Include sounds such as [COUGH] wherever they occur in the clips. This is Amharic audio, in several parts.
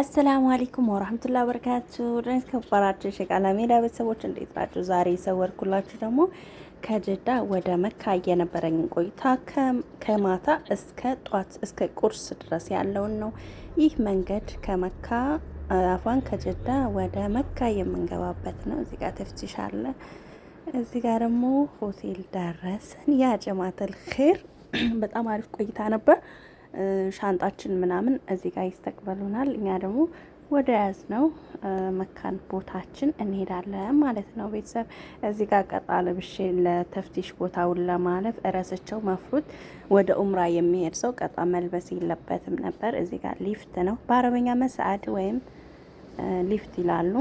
አሰላሙ አለይኩም ወራህመቱላሂ ወበረካቱ። ድረስ ከበራችሁ ሸቃላ ሜዳ ቤተሰቦች እንዴት ናችሁ? ዛሬ የሰወርኩላችሁ ደግሞ ከጀዳ ወደ መካ የነበረኝ ቆይታ ከማታ እስከ ጧት እስከ ቁርስ ድረስ ያለውን ነው። ይህ መንገድ ከመካ አፏን ከጀዳ ወደ መካ የምንገባበት ነው። እዚህ ጋር ተፍትሽ አለ። እዚህ ጋር ደግሞ ሆቴል ደረስን። ያ ጀማተል ኸይር በጣም አሪፍ ቆይታ ነበር። ሻንጣችን ምናምን እዚህ ጋር ይስተቅበሉናል። እኛ ደግሞ ወደ ያዝ ነው መካን ቦታችን እንሄዳለን ማለት ነው። ቤተሰብ እዚህ ጋር ቀጣ ለብሼ ለተፍቲሽ ቦታውን ለማለፍ እረስቸው መፍሩት ወደ ኡምራ የሚሄድ ሰው ቀጣ መልበስ የለበትም ነበር። እዚህ ጋር ሊፍት ነው በአረበኛ መስአድ ወይም ሊፍት ይላሉ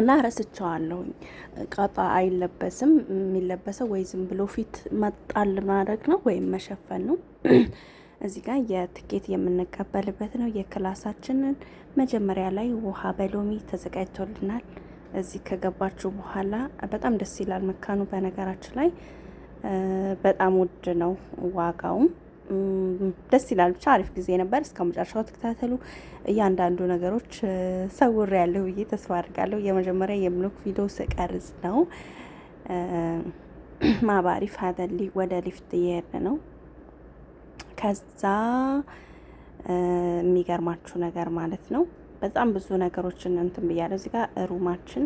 እና ረስቸዋለሁኝ። ቀጣ አይለበስም። የሚለበሰው ወይ ዝም ብሎ ፊት መጣል ማድረግ ነው ወይም መሸፈን ነው። [CLEARS THROAT] እዚህ ጋር የትኬት የምንቀበልበት ነው። የክላሳችንን መጀመሪያ ላይ ውሃ በሎሚ ተዘጋጅቶልናል። እዚህ ከገባችሁ በኋላ በጣም ደስ ይላል መካኑ። በነገራችን ላይ በጣም ውድ ነው ዋጋውም ደስ ይላል። ብቻ አሪፍ ጊዜ ነበር። እስከ መጨረሻው ተከታተሉ። እያንዳንዱ ነገሮች ሰውር ያለሁ ብዬ ተስፋ አድርጋለሁ። የመጀመሪያ የምሎክ ቪዲዮ ስቀርጽ ነው። [CLEARS THROAT] ማባሪፍ አደሊ ወደ ሊፍት እየሄደ ነው። ከዛ የሚገርማችሁ ነገር ማለት ነው በጣም ብዙ ነገሮችን እንትን ብያለሁ። እዚህ ጋር ሩማችን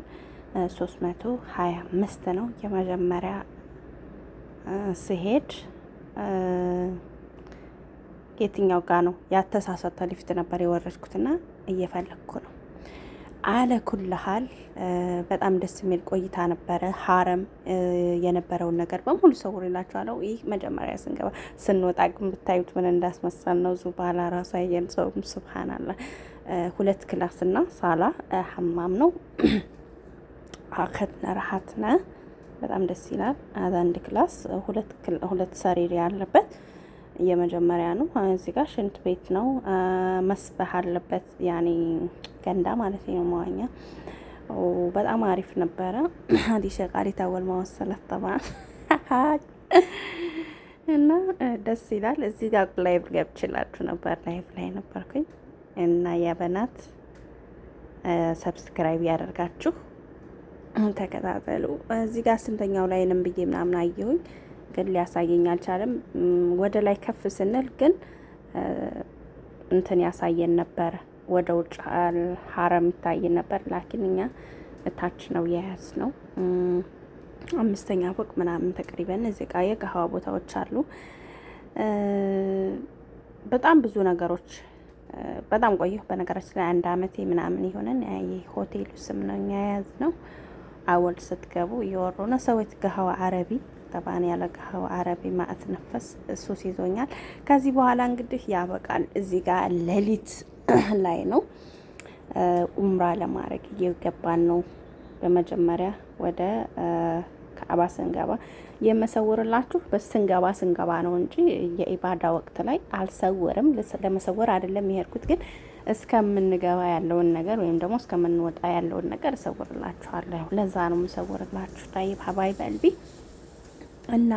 አምስት ነው። የመጀመሪያ ስሄድ የትኛው ጋ ነው ያተሳሳተ ሊፍት ነበር የወረድኩትና እየፈለግኩ ነው አለ ኩል ሀል በጣም ደስ የሚል ቆይታ ነበረ። ሀረም የነበረውን ነገር በሙሉ ሰውር ይላችኋለሁ። ይህ መጀመሪያ ስንገባ ስንወጣ ግን ብታዩት ምን እንዳስመሰል ነው። ዙባላ ራሱ ያየን ሰውም ስብሃናላ። ሁለት ክላስ ክላስና ሳላ ሀማም ነው። [CLEARS THROAT] አከትነ ረሀትነ በጣም ደስ ይላል። አንድ ክላስ ሁለት ሰሪር ያለበት የመጀመሪያ ነው። እዚህ ጋር ሽንት ቤት ነው፣ መስበህ አለበት ያኔ ገንዳ ማለት ነው መዋኛ። በጣም አሪፍ ነበረ። አዲስ [CLEARS THROAT] ቃሪ ታወል ማወሰለት ጠባ እና ደስ ይላል። እዚህ ጋር ላይቭ ገብችላችሁ ነበር፣ ላይቭ ላይ ነበርኩኝ እና የበናት ሰብስክራይብ ያደርጋችሁ [CLEARS THROAT] ተከታተሉ። እዚህ ጋር ስንተኛው ላይ ነን ብዬ ምናምን አየሁኝ። ግን ሊያሳየኝ አልቻለም። ወደ ላይ ከፍ ስንል ግን እንትን ያሳየን ነበረ። ወደ ውጭ ሀረም ይታየን ነበር። ላኪን እኛ እታች ነው የያዝ ነው አምስተኛ ፎቅ ምናምን ተቀሪበን እዚህ ጋ የገሀዋ ቦታዎች አሉ። በጣም ብዙ ነገሮች በጣም ቆየሁ። በነገራችን ላይ አንድ አመቴ ምናምን የሆነን የሆቴሉ ስም ነው የያዝ ነው። አወል ስትገቡ እየወሩ ነው ሰዎች ገሀዋ አረቢ ጠባን ያለቀኸው አረቢ ማእት ነፈስ እሱስ ይዞኛል። ከዚህ በኋላ እንግዲህ ያበቃል። እዚህ ጋር ሌሊት [CLEARS THROAT] ላይ ነው ኡምራ ለማድረግ እየገባን ነው። በመጀመሪያ ወደ ከአባ ስንገባ የመሰውርላችሁ በስንገባ ስንገባ ነው እንጂ የኢባዳ ወቅት ላይ አልሰውርም። ለመሰወር አይደለም የሄድኩት፣ ግን እስከምንገባ ያለውን ነገር ወይም ደግሞ እስከምንወጣ ያለውን ነገር እሰውርላችኋለሁ። ለዛ ነው የምሰውርላችሁ። ጣይብ ሀባይ በልቢ እና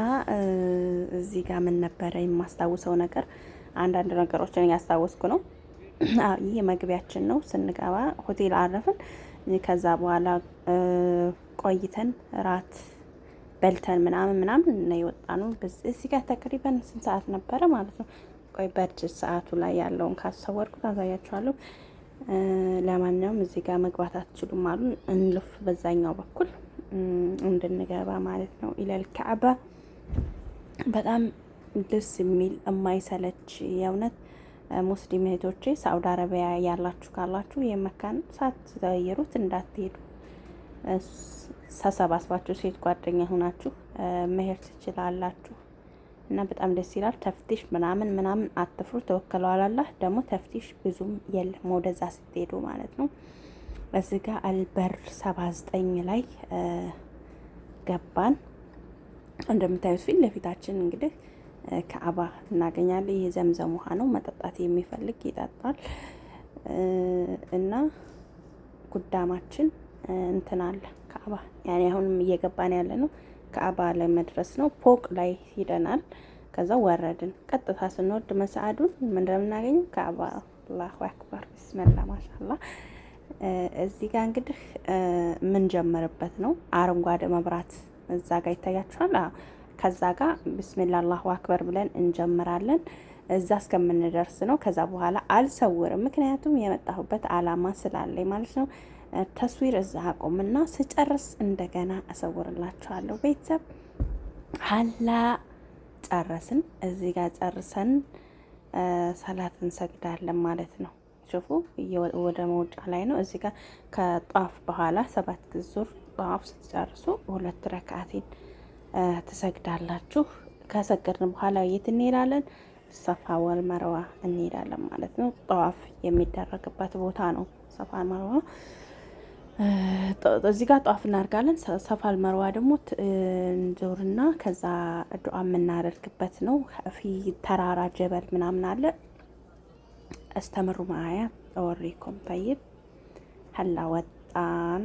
እዚህ ጋር ምን ነበረ የማስታውሰው ነገር፣ አንዳንድ ነገሮችን እያስታወስኩ ነው። [CLEARS THROAT] ይህ መግቢያችን ነው። ስንገባ ሆቴል አረፍን። ከዛ በኋላ ቆይተን ራት በልተን ምናምን ምናምን እና የወጣ ነው። እዚህ ጋር ተቅሪበን ስንት ሰዓት ነበረ ማለት ነው? ቆይ በእርጅት ሰዓቱ ላይ ያለውን ካሰወርኩ ታሳያችኋለሁ። ለማንኛውም እዚህ ጋር መግባት አትችሉም አሉ። እንልፍ በዛኛው በኩል እንድንገባ ማለት ነው። ኢለል ካዕባ በጣም ደስ የሚል የማይሰለች የእውነት ሙስሊም እህቶቼ ሳውዲ አረቢያ ያላችሁ ካላችሁ የመካን ሳትዘይሩት እንዳትሄዱ ተሰባስባችሁ ሴት ጓደኛ ሆናችሁ መሄድ ትችላላችሁ እና በጣም ደስ ይላል። ተፍቲሽ ምናምን ምናምን አትፍሩ። ተወከለዋል አላህ ደግሞ ተፍቲሽ ብዙም የለም ወደዛ ስትሄዱ ማለት ነው። እዚህ ጋ አልበር 79 ላይ ገባን። እንደምታዩት ፊት ለፊታችን እንግዲህ ከአባ እናገኛለን። ይህ ዘምዘም ውሃ ነው። መጠጣት የሚፈልግ ይጠጣል። እና ጉዳማችን እንትን አለ ከአባ ያኔ አሁንም እየገባን ያለ ነው። ከአባ ለመድረስ ነው። ፎቅ ላይ ሂደናል። ከዛ ወረድን። ቀጥታ ስንወርድ መሰአዱን ምንድነው የምናገኘው? ከአባ አላሁ አክበር ብስመላ ማሻላ እዚህ ጋር እንግዲህ የምንጀምርበት ነው። አረንጓዴ መብራት እዛ ጋር ይታያችኋል። ከዛ ጋር ብስሚላ አላሁ አክበር ብለን እንጀምራለን። እዛ እስከምንደርስ ነው። ከዛ በኋላ አልሰውርም፣ ምክንያቱም የመጣሁበት አላማ ስላለኝ ማለት ነው። ተስዊር እዛ አቁምና ስጨርስ እንደገና እሰውርላችኋለሁ። ቤተሰብ ሀላ ጨረስን። እዚህ ጋር ጨርሰን ሰላት እንሰግዳለን ማለት ነው። እንደምትሽፉ ወደ መውጫ ላይ ነው። እዚህ ጋር ከጧፍ በኋላ ሰባት ዙር ጧፍ ስትጨርሱ ሁለት ረካቴን ትሰግዳላችሁ። ከሰገድን በኋላ የት እንሄዳለን? ሰፋ ወል መርዋ እንሄዳለን ማለት ነው። ጧፍ የሚደረግበት ቦታ ነው። ሰፋ መርዋ እዚህ ጋር ጧፍ እናርጋለን። ሰፋል መርዋ ደግሞ እንዞርና ከዛ ዱዓ የምናደርግበት ነው። ፊ ተራራ ጀበል ምናምን አለ استمروا معايا اوريكم طيب هلا وطان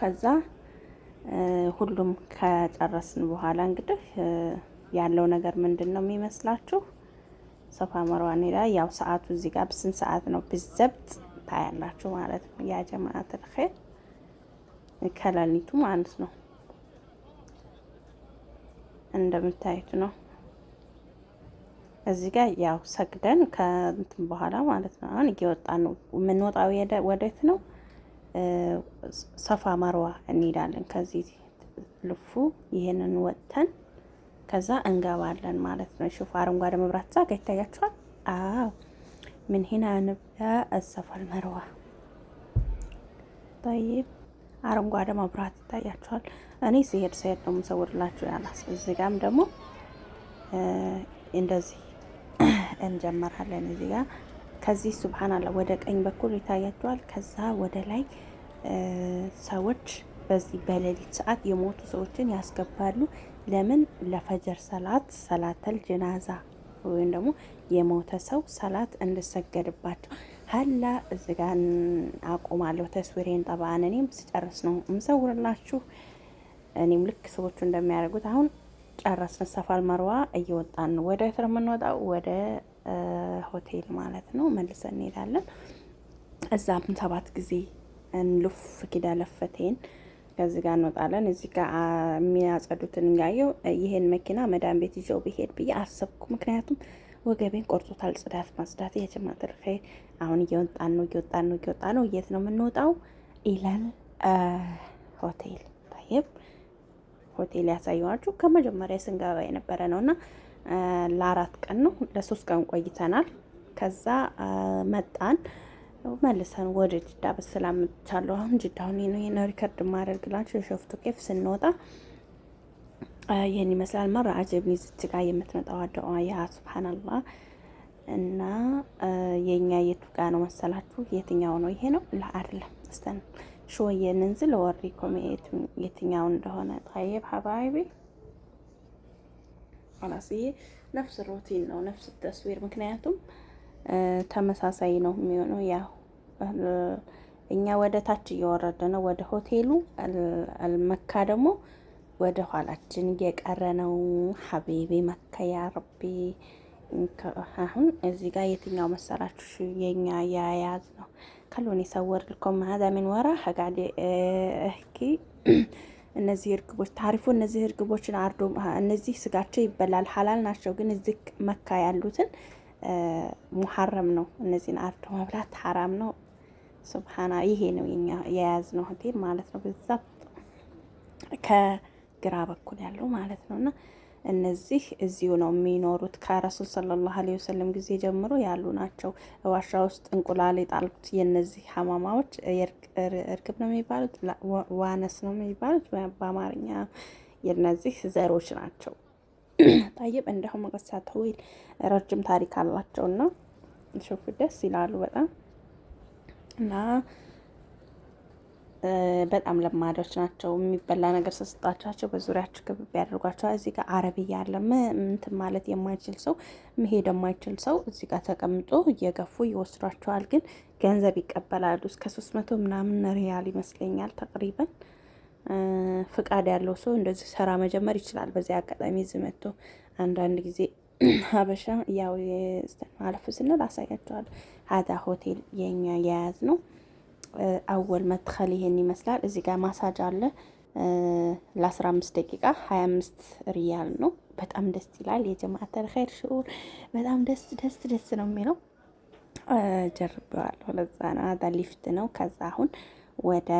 ከዛ ሁሉም ከጨረስን በኋላ እንግዲህ ያለው ነገር ምንድን ነው የሚመስላችሁ? ሶፋ መርዋኒ ላይ ያው ሰዓቱ እዚህ ጋር ብስንት ሰዓት ነው ብዘብጥ ታያላችሁ ማለት ነው። ያ ጀማዓት ልኸይር ከሌሊቱ ማለት ነው እንደምታዩት ነው። እዚህ ጋር ያው ሰግደን ከእንትን በኋላ ማለት ነው። አሁን እየወጣን ነው። የምንወጣው ወዴት ነው? ሰፋ መርዋ እንሄዳለን። ከዚህ ልፉ ይህንን ወጥተን ከዛ እንገባለን ማለት ነው። ሹፍ አረንጓዴ መብራት ዛ ጋ ይታያችኋል። አዎ ምን ሂና ንብዳ ሰፋል መርዋ ጠይብ አረንጓዴ መብራት ይታያችኋል። እኔ ሲሄድ ሲሄድ ነው የምሰውርላችሁ ያላስ እዚህ ጋም ደግሞ እንደዚህ [CLEARS THROAT] እንጀምራለን። እዚህ ጋር ከዚህ ሱብሃንአላህ ወደ ቀኝ በኩል ይታያቸዋል። ከዛ ወደ ላይ ሰዎች በዚህ በሌሊት ሰዓት የሞቱ ሰዎችን ያስገባሉ። ለምን? ለፈጀር ሰላት ሰላተል ጀናዛ ወይም ደግሞ የሞተ ሰው ሰላት እንድሰገድባቸው ሀላ እዚህ ጋር አቆማለሁ። ተስዊሬን ጠባአን እኔም ስጨርስ ነው ምሰውርላችሁ። እኔም ልክ ሰዎቹ እንደሚያደርጉት አሁን ጨረስን። ሰፋል መርዋ እየወጣን ወደ ትር የምንወጣው ወደ ሆቴል ማለት ነው። መልሰን እንሄዳለን። እዛም ሰባት ጊዜ እንልፍ ኪዳ ለፈቴን ከዚህ ጋር እንወጣለን። እዚህ ጋር የሚያጸዱትን እንጋየው ይሄን መኪና መዳን ቤት ይዘው ብሄድ ብዬ አሰብኩ። ምክንያቱም ወገቤን ቆርጦታል። ጽዳት ማጽዳት የጀማ ትርፌ አሁን እየወጣን ነው፣ እየወጣን ነው፣ እየወጣ ነው። የት ነው የምንወጣው? ኢላል ሆቴል ታየብ ሆቴል ያሳየኋችሁ ከመጀመሪያ ስንገባ የነበረ ነው እና ለአራት ቀን ነው ለሶስት ቀን ቆይተናል። ከዛ መጣን መልሰን ወደ ጅዳ በሰላም መጥቻለሁ። አሁን ጅዳሁን ነው ሪከርድ የሸፍቱ ኬፍ ስንወጣ ይህን ይመስላል። መራ አጀብኒ ዝች የምትመጣው አደዋ ያ ሱብሓነላህ እና የእኛ የቱ ጋ ነው መሰላችሁ? የትኛው ነው ይሄ ነው አይደለም ስተን ሾየ ንንዝል ወሪኩም የትኛው እንደሆነ ጠይብ ሀባይቢ ይሄ ነፍስ ሮቲን ነው ነፍስ ተስዊር ምክንያቱም ተመሳሳይ ነው የሚሆነው። ያው እኛ ወደ ታች እየወረደ ነው ወደ ሆቴሉ አልመካ ደግሞ ወደ ኋላችን እየቀረ ነው። ሀቢቢ መካ ያ ረቢ። አሁን እዚህ ጋር የትኛው መሰላችሁ የኛ የያዝ ነው خلوني اصور لكم هذا من ورا حق احكي እነዚህ እርግቦች ታሪፉ እነዚህ እርግቦችን አርዶ እነዚህ ስጋቸው ይበላል፣ ሀላል ናቸው። ግን እዚህ መካ ያሉትን ሙሐረም ነው። እነዚህን አርዶ መብላት ሀራም ነው። ሱብሓና ይሄ ነው የያዝ ነው ማለት ነው። በዛ ከግራ በኩል ያለው ማለት ነው እና እነዚህ እዚሁ ነው የሚኖሩት። ከረሱል ሰለላሁ ዐለይሂ ወሰለም ጊዜ ጀምሮ ያሉ ናቸው። ዋሻ ውስጥ እንቁላል የጣሉት የነዚህ ሀማማዎች እርግብ ነው የሚባሉት፣ ዋነስ ነው የሚባሉት በአማርኛ የነዚህ ዘሮች ናቸው። [CLEARS THROAT] ጠይብ እንደሁም መቀሳ ተዊል ረጅም ታሪክ አላቸውና ሹፍ ደስ ይላሉ በጣም እና በጣም ለማዳዎች ናቸው። የሚበላ ነገር ስስጣቻቸው በዙሪያቸው ክብብ ያደርጓቸዋል። እዚህ ጋር አረብያ አለ። ምንትን ማለት የማይችል ሰው መሄድ የማይችል ሰው እዚህ ጋር ተቀምጦ እየገፉ ይወስዷቸዋል። ግን ገንዘብ ይቀበላሉ። እስከ ሶስት መቶ ምናምን ሪያል ይመስለኛል ተቅሪበን። ፍቃድ ያለው ሰው እንደዚህ ስራ መጀመር ይችላል። በዚህ አጋጣሚ እዚህ መጥቶ አንዳንድ ጊዜ [CLEARS THROAT] ሀበሻ ያው አለፍ ስንል አሳያቸዋለሁ። ሀዛ ሆቴል የኛ የያዝ ነው አወል መትከል ይሄን ይመስላል። እዚህ ጋር ማሳጅ አለ ለ15 ደቂቃ 25 ሪያል ነው። በጣም ደስ ይላል። የጀማአተል ኸይር ሽዑር በጣም ደስ ደስ ደስ ነው የሚለው ጀርበዋለሁ። ለዛ ነው ሊፍት ነው። ከዛ አሁን ወደ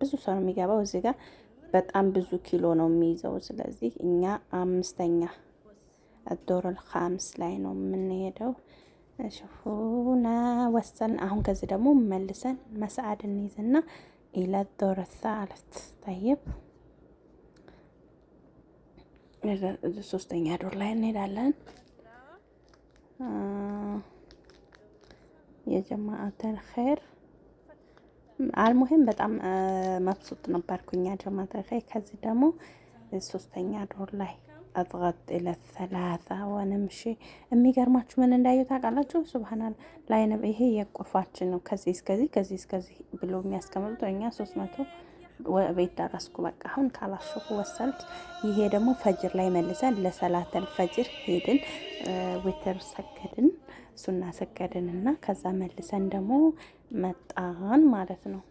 ብዙ ሰው ነው የሚገባው። እዚህ ጋር በጣም ብዙ ኪሎ ነው የሚይዘው። ስለዚህ እኛ አምስተኛ ዶሮል ኻምስ ላይ ነው የምንሄደው። ሽፉና ወሰን አሁን ከዚህ ደግሞ መልሰን መስዓድ እንይዝና ኢላ ዶረሳ አለት ታየብ ሶስተኛ ዶር ላይ እንሄዳለን። የጀማአተል ኸይር አልሙሂም በጣም መብሱጥ ነበርኩኛ ጀማአተል ኸይር ከዚህ ደግሞ ሶስተኛ ዶር ላይ አጥራት ለት ወንምሺ የሚገርማችሁ ምን እንዳየ ታውቃላችሁ? ሱብሃናል ላይነ ይሄ የቁርፋችን ነው። ከዚህ እስከዚህ ከዚህ እስከዚህ ብሎ የሚያስቀምጡት እኛ ሶስት መቶ ቤት ደረስኩ። በቃ አሁን ካላሸፉ ወሰልት። ይሄ ደግሞ ፈጅር ላይ መልሰን ለሰላተል ፈጅር ሄድን፣ ዊትር ሰገድን፣ ሱና ሰገድን እና ከዛ መልሰን ደግሞ መጣን ማለት ነው።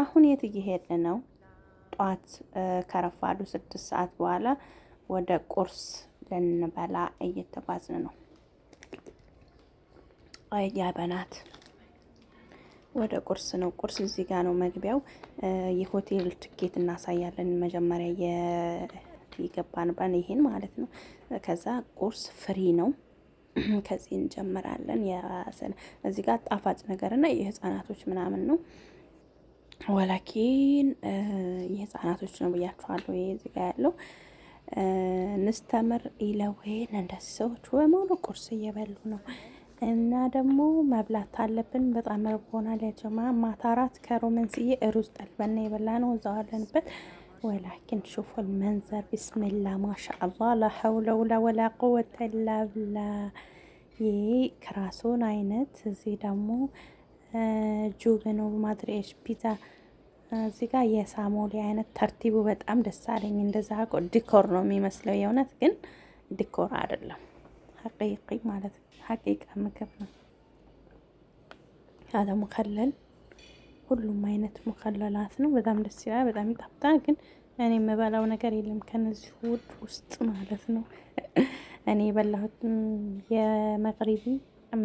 አሁን የት እየሄድን ነው? ጠዋት ከረፋዱ ስድስት ሰዓት በኋላ ወደ ቁርስ ልንበላ እየተጓዝን ነው። አያ በናት ወደ ቁርስ ነው። ቁርስ እዚህ ጋር ነው መግቢያው። የሆቴል ትኬት እናሳያለን። መጀመሪያ የገባንበን ይሄን ማለት ነው። ከዛ ቁርስ ፍሪ ነው። [CLEARS THROAT] ከዚህ እንጀምራለን። የራስን እዚህ ጋር ጣፋጭ ነገር ነገርና የህፃናቶች ምናምን ነው። ወላኪን የህፃናቶች ነው ብያችኋለሁ። ይሄ እዚህ ጋር ያለው ንስተምር ኢለዌን እንደዚህ ሰዎች በሙሉ ቁርስ እየበሉ ነው። እና ደግሞ መብላት አለብን። በጣም ርቦናል። ያጀማ ማታ አራት ከሮመንስዬ ሩዝ ጠልበና የበላ ነው እዛው አለንበት። ወላኪን ሹፉል መንዘር ቢስሚላ ማሻአላ ላሐውለ ውላ ወላ ቁወተ ኢላ ብላ። ይህ ክራሱን አይነት እዚህ ደግሞ ጁብ ነው ማድሬሽ ፒዛ እዚህ ጋር የሳሞሌ አይነት ተርቲቡ በጣም ደስ አለኝ። እንደዛ ቆ ዲኮር ነው የሚመስለው የእውነት ግን ዲኮር አይደለም፣ ሀቂቂ ማለት ሀቂቃ ምግብ ነው። ያለ ሙከለል ሁሉም አይነት ሙከለላት ነው። በጣም ደስ ይላል፣ በጣም ይጣፍጣል። ግን እኔ የምበላው ነገር የለም ከነዚህ ውድ ውስጥ ማለት ነው። እኔ የበላሁት የመቅሪቢ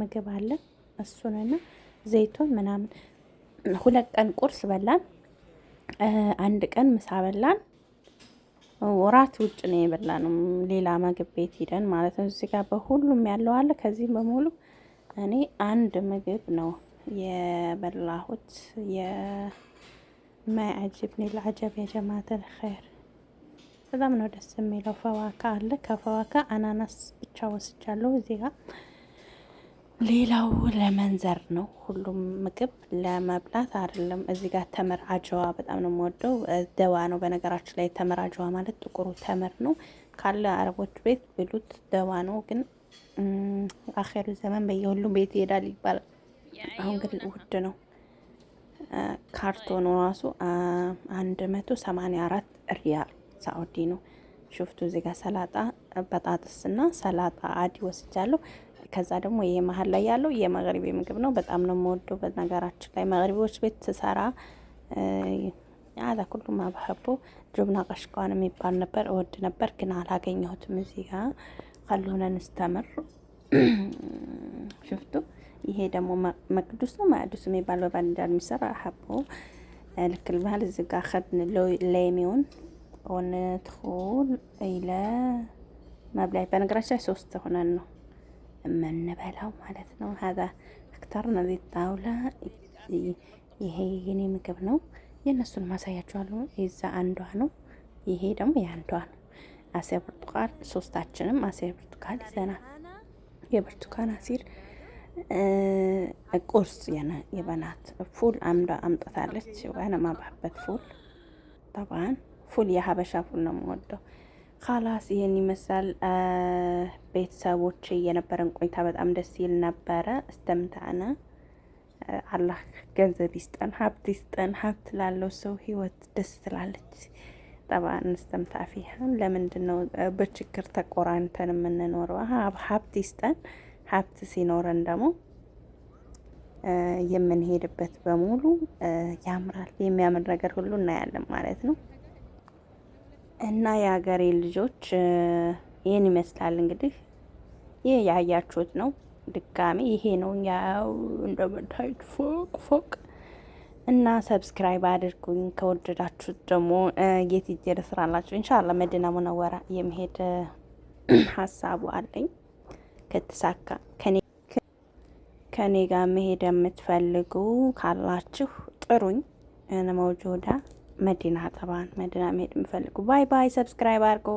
ምግብ አለ እሱንና ዘይቱን ምናምን ሁለት ቀን ቁርስ በላን። አንድ ቀን ምሳ በላን። ወራት ውጭ ነው የበላነው፣ ሌላ ምግብ ቤት ሂደን ማለት ነው። እዚህ ጋር በሁሉም ያለው አለ። ከዚህም በሙሉ እኔ አንድ ምግብ ነው የበላሁት። የማይአጅብኒ ለአጀብ የጀማተል ኸይር በጣም ነው ደስ የሚለው። ፈዋካ አለ። ከፈዋካ አናናስ ብቻ ወስጃለሁ እዚህ ጋር ሌላው ለመንዘር ነው። ሁሉም ምግብ ለመብላት አይደለም። እዚህ ጋር ተምር አጀዋ በጣም ነው የምወደው። ደዋ ነው በነገራችን ላይ ተምር አጀዋ ማለት ጥቁሩ ተምር ነው። ካለ አረቦች ቤት ብሉት፣ ደዋ ነው። ግን አኼሩ ዘመን በየሁሉም ቤት ይሄዳል ይባላል። አሁን ግን ውድ ነው። ካርቶኑ ራሱ አንድ መቶ ሰማንያ አራት ሪያል ሳዑዲ ነው። ሹፍቱ እዚህ ጋር ሰላጣ በጣጥስና ሰላጣ አዲ ወስጃለሁ። ከዛ ደግሞ ይሄ መሀል ላይ ያለው የመግሪቢ ምግብ ነው። በጣም ነው የምወደው። በነገራችን ላይ መግሪቢዎች ቤት ትሰራ አላ ኩሉ ማባሀቦ ጆብና ቀሽቋን የሚባል ነበር እወድ ነበር ግን አላገኘሁትም። እዚህ ጋ ካልሆነ ንስተምር ሽፍቱ ይሄ ደግሞ መቅዱስ ነው ማቅዱስ የሚባል በባንዳር የሚሰራ ሀቦ ልክል ባህል እዚህ ጋ ከድን ሌሚውን ኦነትኩል ኢለ መብላይ በነገራችን ላይ ሶስት ሆነን ነው የምንበላው ማለት ነው። ሀዛ አክታር ነው ጣውላ ይሄ የኔ ምግብ ነው። የእነሱን ማሳያችኋለሁ። የዛ አንዷ ነው፣ ይሄ ደግሞ የአንዷ ነው። አሴር ብርቱካን ሶስታችንም አሴር ብርቱካን ይዘናል። የብርቱካን አሲር ቁርስ የበናት ፉል አምዳ አምጥታለች። ዋነ ማባበት ፉል ጠባን ፉል የሀበሻ ፉል ነው የምወደው ካላስ ይህን ይመስላል ቤተሰቦች፣ የነበረን ቆይታ በጣም ደስ ይል ነበረ። እስተምታነ አላህ ገንዘብ ይስጠን፣ ሀብት ይስጠን። ሀብት ላለው ሰው ህይወት ደስ ትላለች። ጠባ እንስተምታ ፊሃን ለምንድን ነው በችግር ተቆራኝተን የምንኖረው? ሀብት ይስጠን። ሀብት ሲኖረን ደግሞ የምንሄድበት በሙሉ ያምራል። የሚያምር ነገር ሁሉ እናያለን ማለት ነው። እና የሀገሬ ልጆች ይህን ይመስላል እንግዲህ ይህ ያያችሁት ነው። ድጋሜ ይሄ ነው ያው እንደምታዩት ፎቅ ፎቅ እና ሰብስክራይብ አድርጉኝ። ከወደዳችሁት ደግሞ የትጀር ስራላችሁ ኢንሻላ መዲና ሙነወራ የመሄድ [CLEARS THROAT] ሀሳቡ አለኝ። ከተሳካ ከኔ ጋር መሄድ የምትፈልጉ ካላችሁ ጥሩኝ። እነ መውጆዳ መዲና ጠባን መዲና መሄድ የምፈልጉ ባይ ባይ። ሰብስክራይብ አድርጎ